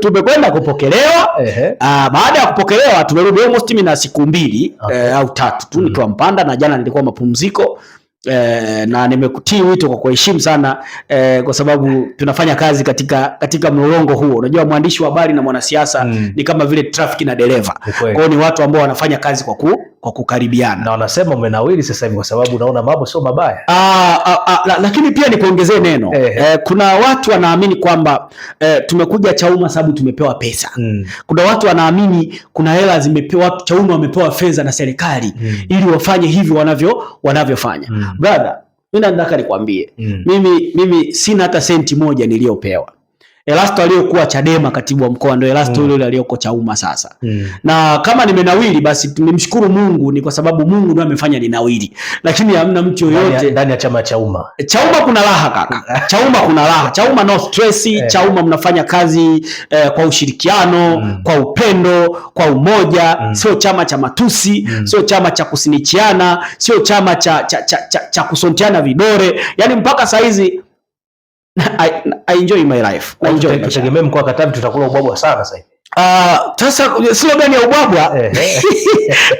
tumekwenda kupokelewa. Uh, baada ya kupokelewa tumerudi almost mimi na siku mbili okay. uh, au tatu tu mm -hmm. nikiwa Mpanda na jana nilikuwa mapumziko E, na nimekutii wito kwa kuheshimu sana e, kwa sababu tunafanya kazi katika katika mlolongo huo. Unajua, mwandishi wa habari na mwanasiasa mm. ni kama vile trafiki na dereva, kwa ni watu ambao wanafanya kazi kwa ku kwa kukaribiana, na wanasema umenawiri sasa hivi kwa sababu unaona mambo sio mabaya. Ah, ah, ah, la, lakini pia nikuongezee neno eh, kuna watu wanaamini kwamba eh, tumekuja Chauma sababu tumepewa pesa mm. Kuna watu wanaamini kuna hela zimepewa Chauma, wamepewa fedha na serikali mm. ili wafanye hivi wanavyo wanavyofanya mm. Brother, mimi nataka nikwambie mm. mimi, mimi sina hata senti moja niliyopewa Erasto aliyokuwa Chadema katibu wa mkoa ndio Erasto mm. yule mm. aliyoko Chauma sasa mm. na kama nimenawili basi nimshukuru Mungu, ni kwa sababu Mungu ndio amefanya ninawili, lakini hamna mtu yoyote ndani ya chama cha Chauma. Chauma kuna raha kaka, Chauma kuna raha, Chauma no stress eh. Chauma mnafanya kazi eh, kwa ushirikiano mm. kwa upendo, kwa umoja mm. sio chama cha matusi mm. sio chama cha kusinichiana, sio chama cha cha, cha, cha, cha kusontiana vidore, yani mpaka saizi I, I enjoy my life. Tutegemee mkoa wa Katavi tutakula ubwabwa sana sasa hivi. Ah, sasa uh, slogan ya ubwabwa eh.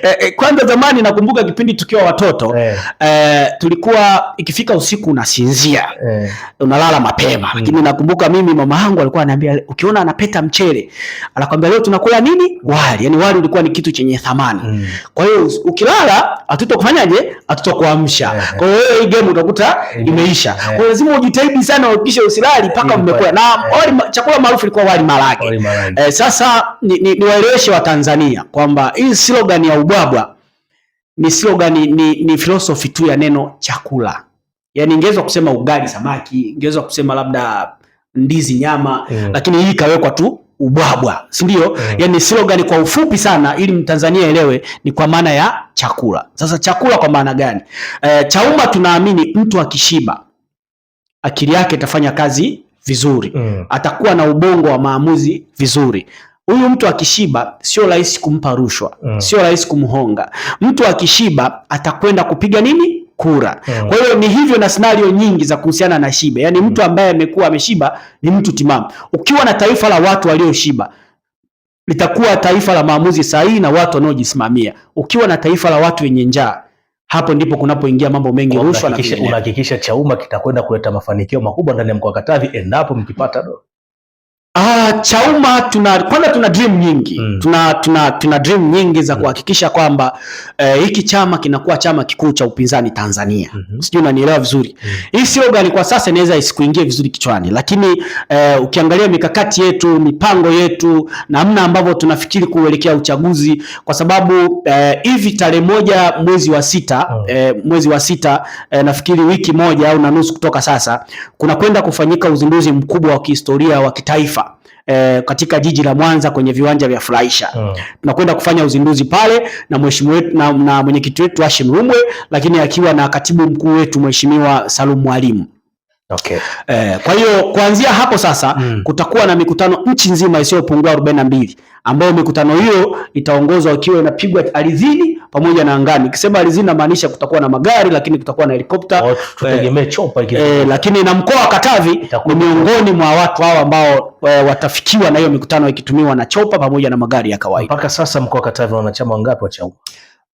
Eh, eh, kwanza, zamani nakumbuka kipindi tukiwa watoto eh, tulikuwa ikifika usiku unasinzia eh, unalala mapema mm-hmm. lakini mm, nakumbuka mimi mama yangu alikuwa ananiambia, ukiona anapeta mchele anakwambia leo tunakula nini? Wali. Yani wali ulikuwa ni kitu chenye thamani mm. Kwa hiyo ukilala hatutokufanyaje, hatutokuamsha eh. Kwa hiyo hii game utakuta eh, imeisha eh. Kwa hiyo lazima ujitahidi sana uhakikishe usilali mpaka mmekula eh, na wali, chakula maarufu ilikuwa wali marage eh, sasa nataka niwaeleweshe ni, ni Watanzania kwamba hii slogan ya ubwabwa ni slogan ni, ni philosophy tu ya neno chakula. Yaani ingeweza kusema ugali samaki, ingeweza kusema labda ndizi nyama, mm. lakini hii ikawekwa tu ubwabwa, si ndio? Mm. Yaani slogan kwa ufupi sana ili Mtanzania elewe ni kwa maana ya chakula. Sasa chakula kwa maana gani? E, eh, Chauma tunaamini mtu akishiba akili yake itafanya kazi vizuri mm. Atakuwa na ubongo wa maamuzi vizuri. Huyu mtu akishiba sio rahisi kumpa rushwa mm. Sio rahisi kumhonga mtu. Akishiba atakwenda kupiga nini? Kura mm. Kwa hiyo ni hivyo na scenario nyingi za kuhusiana na shiba, yaani mtu mm. ambaye amekuwa ameshiba ni mtu timamu. Ukiwa na taifa la watu walioshiba litakuwa taifa la maamuzi sahihi na watu wanaojisimamia. Ukiwa na taifa la watu wenye njaa hapo ndipo kunapoingia mambo mengi, rushwa. Unahakikisha, unahakikisha kitakwenda kuleta mafanikio makubwa ndani ya mkoa wa Katavi endapo mkipata dola Ah, Chauma tuna kwanza tuna dream nyingi mm. tuna, tuna, tuna dream nyingi za hmm. kuhakikisha kwamba eh, hiki chama kinakuwa chama kikuu cha upinzani Tanzania mm -hmm. Sijui unanielewa vizuri mm -hmm. Hii slogan kwa sasa inaweza isikuingie vizuri kichwani, lakini eh, ukiangalia mikakati yetu, mipango yetu, namna ambavyo tunafikiri kuelekea uchaguzi, kwa sababu eh, hivi eh, tarehe moja mwezi wa sita oh. eh, mwezi wa sita eh, nafikiri wiki moja au na nusu kutoka sasa, kuna kwenda kufanyika uzinduzi mkubwa wa kihistoria wa kitaifa e, katika jiji la Mwanza kwenye viwanja vya Furahisha oh. Tunakwenda kufanya uzinduzi pale na mheshimiwa wetu na, na mwenyekiti wetu Hashim Rumwe, lakini akiwa na katibu mkuu wetu mheshimiwa Salum Mwalimu. Okay. Eh, kwa hiyo kuanzia hapo sasa mm. kutakuwa na mikutano nchi nzima isiyopungua 42 mbili ambayo mikutano hiyo itaongozwa ikiwa inapigwa ardhini pamoja na angani. Nikisema alizini namaanisha kutakuwa na magari, lakini kutakuwa na helikopta tutegemee chopa eh, eh lakini na mkoa wa Katavi ni miongoni mwa watu hao ambao e, watafikiwa na hiyo mikutano ikitumiwa na chopa pamoja na magari ya kawaida. Mpaka sasa mkoa wa Katavi wanachama wangapi wa chama?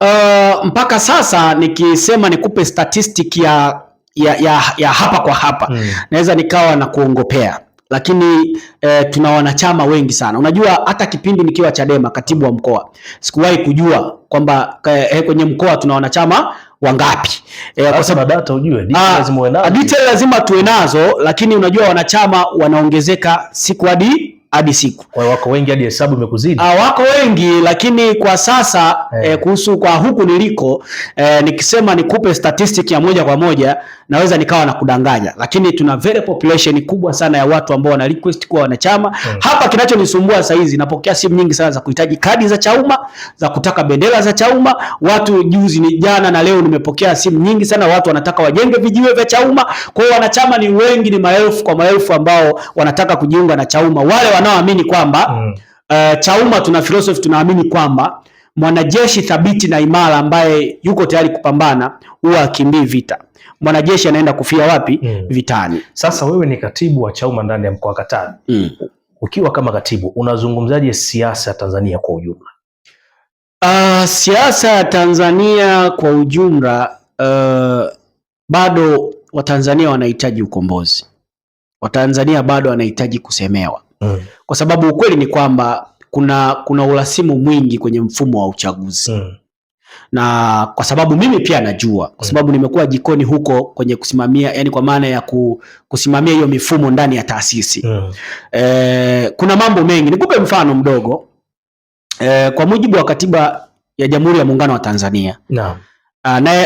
Uh, mpaka sasa nikisema nikupe statistiki ya, ya, ya, ya hapa kwa hapa hmm, naweza nikawa na kuongopea lakini eh, tuna wanachama wengi sana. Unajua hata kipindi nikiwa Chadema katibu wa mkoa sikuwahi kujua kwamba eh, kwenye mkoa tuna wanachama wangapi eh, kwa sababu data ujue detail lazima tuwe nazo, lakini unajua wanachama wanaongezeka siku hadi hadi siku. Kwa wako wengi hadi hesabu imekuzidi. Ah, wako wengi lakini kwa sasa hey. Eh. eh, kuhusu kwa huku niliko eh, nikisema nikupe statistic ya moja kwa moja naweza nikawa na kudanganya, lakini tuna very population kubwa sana ya watu ambao wana request kuwa wanachama hey. Hmm. Hapa kinachonisumbua sasa hizi napokea simu nyingi sana za kuhitaji kadi za Chauma za kutaka bendera za Chauma. Watu juzi ni jana na leo nimepokea simu nyingi sana watu wanataka wajenge vijiwe vya Chauma. Kwa hiyo wanachama ni wengi, ni maelfu kwa maelfu ambao wanataka kujiunga na Chauma wale wanaoamini kwamba mm. uh, Chauma tuna philosophy tunaamini kwamba mwanajeshi thabiti na imara ambaye yuko tayari kupambana huwa akimbii vita. Mwanajeshi anaenda kufia wapi? mm. Vitani. Sasa wewe ni katibu wa Chauma ndani ya mkoa wa Katavi mm. ukiwa kama katibu unazungumzaje siasa ya Tanzania kwa ujumla? Uh, siasa ya Tanzania kwa ujumla uh, bado Watanzania wanahitaji ukombozi. Watanzania bado wanahitaji kusemewa. Mm. kwa sababu ukweli ni kwamba kuna kuna urasimu mwingi kwenye mfumo wa uchaguzi mm. na kwa sababu mimi pia najua kwa mm. sababu mm. nimekuwa jikoni huko kwenye kusimamia, yani kwa maana ya ku, kusimamia hiyo mifumo ndani ya taasisi mm. E, kuna mambo mengi. Nikupe mfano mdogo e, kwa mujibu wa katiba ya Jamhuri ya Muungano wa Tanzania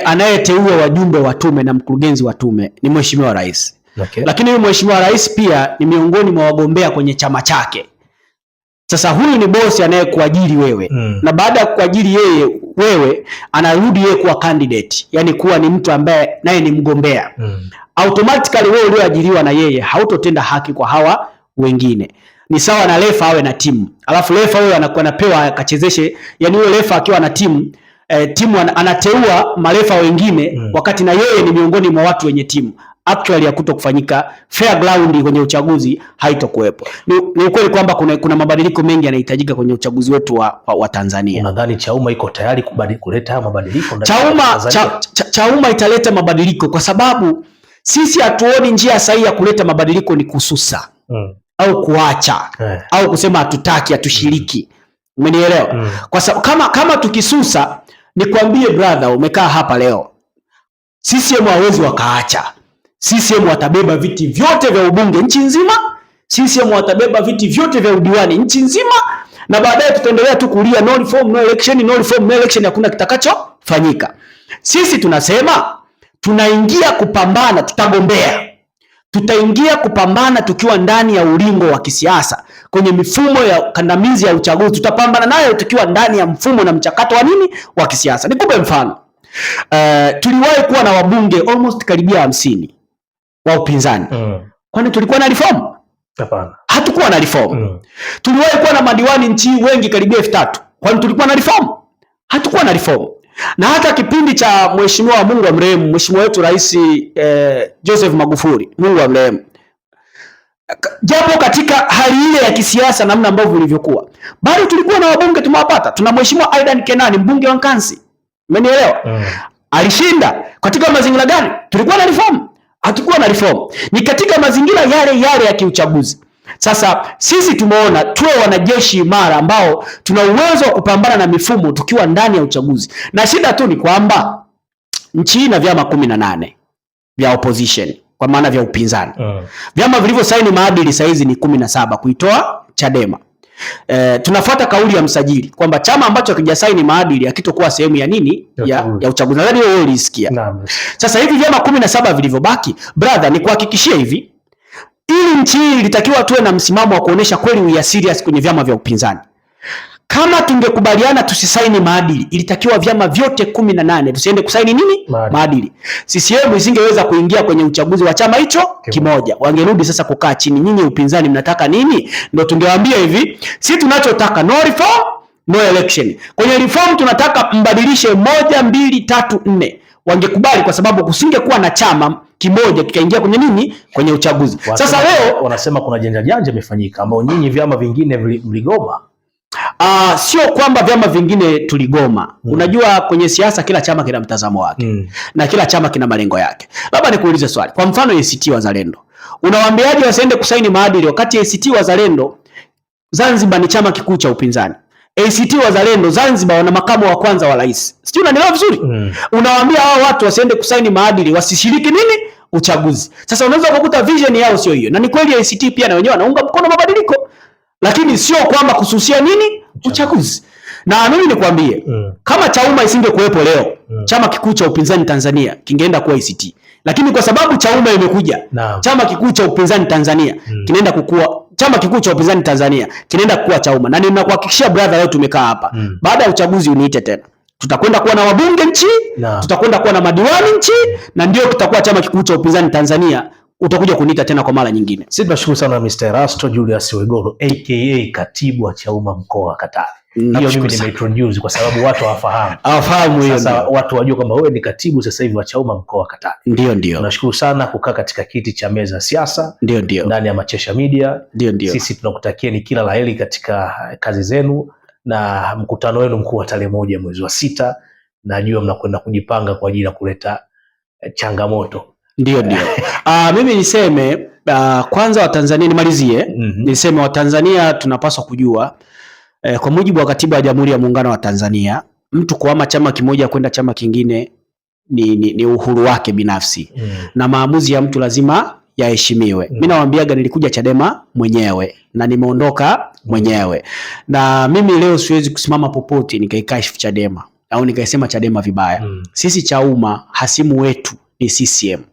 anayeteua wajumbe wa tume na mkurugenzi wa tume ni Mheshimiwa Rais okay. Lakini huyu mheshimiwa rais pia ni miongoni mwa wagombea kwenye chama chake. Sasa huyu ni bosi anayekuajiri wewe mm. na baada ya kuajiri yeye wewe, anarudi yeye kuwa candidate, yani kuwa ni mtu ambaye naye ni mgombea mm. Automatically wewe ulioajiriwa na yeye hautotenda haki kwa hawa wengine. Ni sawa na refa awe na timu alafu refa huyo anakuwa anapewa akachezeshe, yani huyo refa akiwa na timu eh, timu anateua marefa wengine mm. Wakati na yeye ni miongoni mwa watu wenye timu actually ya kuto kufanyika fair ground kwenye uchaguzi haitokuwepo. Ni, ukweli kwamba kuna, kuna mabadiliko mengi yanahitajika kwenye uchaguzi wetu wa, wa, wa Tanzania. Unadhani Chauma iko tayari kuleta mabadiliko. Chauma, cha, cha, Chauma italeta mabadiliko kwa sababu sisi hatuoni njia sahihi ya kuleta mabadiliko ni kususa mm. au kuacha eh. au kusema hatutaki hatushiriki mm. Umenielewa? Mm. Kwa sababu kama, kama tukisusa nikwambie brother, umekaa hapa leo CCM hawezi wakaacha CCM watabeba viti vyote vya ubunge nchi nzima, CCM watabeba viti vyote vya udiwani nchi nzima, na baadaye tutaendelea tu kulia no reform no election, no reform no election, hakuna kitakachofanyika. Sisi tunasema tunaingia kupambana, tutagombea tutaingia kupambana tukiwa ndani ya ulingo wa kisiasa, kwenye mifumo ya kandamizi ya uchaguzi. Tutapambana nayo tukiwa ndani ya mfumo na mchakato wa nini wa kisiasa. Nikupe mfano uh, tuliwahi kuwa na wabunge almost karibia hamsini wa upinzani mm. Kwani tulikuwa na reform? Hapana, hatukuwa na reform mm. Tuliwahi kuwa na madiwani nchi wengi karibia elfu tatu. Kwani tulikuwa na reform? Hatukuwa na reform. Na hata kipindi cha mheshimiwa Mungu wa mrehemu mheshimiwa wetu Rais eh, Joseph Magufuli, Mungu wa mrehemu, japo katika hali ile ya kisiasa namna ambavyo ilivyokuwa, bado tulikuwa na wabunge tumewapata. Tuna mheshimiwa Aidan Kenani, mbunge wa Nkansi, umenielewa mm. Alishinda katika mazingira gani? Tulikuwa na reform Hatukuwa na reform, ni katika mazingira yale yale ya kiuchaguzi. Sasa sisi tumeona tuwe wanajeshi imara ambao tuna uwezo wa kupambana na mifumo tukiwa ndani ya uchaguzi, na shida tu ni kwamba nchi hii ina vyama kumi na nane vya opposition kwa maana vya upinzani uh. Vyama vilivyosaini maadili saizi ni kumi na saba kuitoa Chadema E, tunafuata kauli ya msajili kwamba chama ambacho hakijasaini maadili hakitokuwa sehemu ya nini ya, ya uchaguzi. Nadhani wewe ulisikia. Sasa hivi vyama kumi na saba vilivyobaki, brother, ni kuhakikishia hivi, ili nchi hii ilitakiwa tuwe na msimamo wa kuonesha kweli we are serious kwenye vyama vya upinzani. Kama tungekubaliana tusisaini maadili, ilitakiwa vyama vyote kumi na nane tusiende kusaini nini maadili, maadili. CCM isingeweza kuingia kwenye uchaguzi wa chama hicho kimoja, wangerudi sasa kukaa chini. Nyinyi upinzani mnataka nini? Ndio tungewaambia hivi, si tunachotaka no reform no election. Kwenye reform tunataka mbadilishe moja, mbili, tatu, nne wangekubali kwa sababu kusingekuwa na chama kimoja kikaingia kwenye nini, kwenye uchaguzi. Sasa leo wanasema kuna janja janja imefanyika ambao nyinyi vyama vingine mligoma Uh, sio kwamba vyama vingine tuligoma. Mm. Unajua kwenye siasa kila chama kina mtazamo wake. Mm. Na kila chama kina malengo yake. Labda nikuulize swali. Kwa mfano ACT Wazalendo. Unawaambiaje wasiende kusaini maadili wakati ACT Wazalendo Zanzibar ni chama kikuu cha upinzani. ACT Wazalendo Zanzibar wana makamu wa kwanza wa rais. Sijui unanielewa vizuri? Mm. Unawaambia hao watu wasiende kusaini maadili, wasishiriki nini? Uchaguzi. Sasa unaweza kukuta vision yao sio hiyo. Na ni kweli ACT pia na wenyewe wanaunga mkono mabadiliko. Lakini sio kwamba kususia nini? uchaguzi. Na mimi nikwambie mm. kama Chauma isingekuwepo leo mm. chama kikuu cha upinzani Tanzania kingeenda kuwa ICT, e lakini kwa sababu Chauma imekuja no. chama kikuu cha upinzani Tanzania mm. kinaenda kukua chama kikuu cha upinzani Tanzania kinaenda kukua Chauma, na ninakuhakikishia brother, leo tumekaa hapa mm. baada ya uchaguzi uniite tena tutakwenda kuwa na wabunge nchi no. tutakwenda kuwa na madiwani nchi, mm. na ndio kitakuwa chama kikuu cha upinzani Tanzania utakuja kuniita tena kwa mara nyingine. Sisi tunashukuru sana Mr. Erasto Julius Wegoro aka katibu wa Chauma mkoa wa Katavi. Hiyo mimi nimeintroduce kwa sababu watu hawafahamu. Hawafahamu hiyo. Sasa watu wajue kwamba wewe ni katibu sasa hivi wa Chauma mkoa wa Katavi. Ndio ndio. Tunashukuru sana kukaa katika kiti cha meza siasa. Ndio ndio. Ndani ya Machesha Media. Ndio ndio. Sisi tunakutakia ni kila laheri katika kazi zenu na mkutano wenu mkuu wa tarehe moja mwezi wa sita. Najua mnakwenda kujipanga kwa ajili ya kuleta eh, changamoto ndio, ndio. Uh, mimi niseme uh, kwanza Watanzania nimalizie. mm -hmm. Niseme Watanzania tunapaswa kujua eh, kwa mujibu wa katiba ya Jamhuri ya Muungano wa Tanzania mtu kuhama chama kimoja kwenda chama kingine ni, ni, ni uhuru wake binafsi mm. na maamuzi ya mtu lazima yaheshimiwe. mm. Mimi nawaambiaga nilikuja Chadema mwenyewe na nimeondoka mwenyewe, na mimi leo siwezi kusimama popote nikaikashifu Chadema au nikaisema Chadema vibaya mm. Sisi Chauma hasimu wetu ni CCM. mm.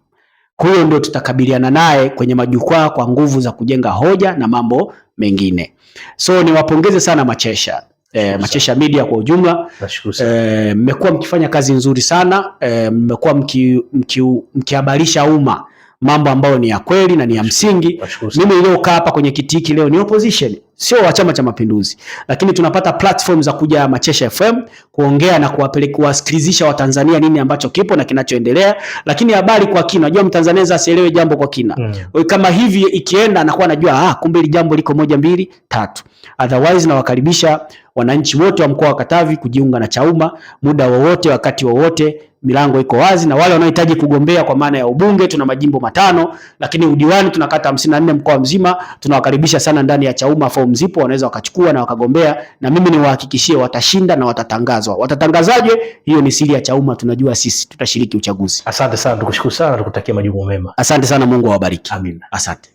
Huyo ndio tutakabiliana naye kwenye majukwaa kwa nguvu za kujenga hoja na mambo mengine. So niwapongeze sana Machesha e, Machesha Media kwa ujumla eh, mmekuwa e, mkifanya kazi nzuri sana eh, mmekuwa e, mkihabarisha mki, mki umma mambo ambayo ni ya kweli na ni ya msingi. Mimi niliokaa hapa kwenye kiti hiki leo ni opposition, sio wa Chama cha Mapinduzi, lakini tunapata platform za kuja Machesha FM kuongea na kuwapeleka kuwasikilizisha Watanzania nini ambacho kipo na kinachoendelea, lakini habari kwa kina. Unajua Mtanzania sasa asielewe jambo kwa kina mm. Kama hivi ikienda anakuwa anajua ah, kumbe jambo liko moja mbili tatu. Otherwise nawakaribisha wananchi wote wa mkoa wa Katavi kujiunga na Chauma muda wowote, wakati wowote. Milango iko wazi, na wale wanaohitaji kugombea kwa maana ya ubunge tuna majimbo matano, lakini udiwani tuna kata 54 mkoa mzima. Tunawakaribisha sana ndani ya Chauma. form zipo, wanaweza wakachukua na wakagombea, na mimi niwahakikishie watashinda na watatangazwa. Watatangazaje? Hiyo ni siri ya Chauma, tunajua sisi, tutashiriki uchaguzi. Asante sana, tukushukuru sana, tukutakia majibu mema. Asante sana, Mungu awabariki. Amina. Asante.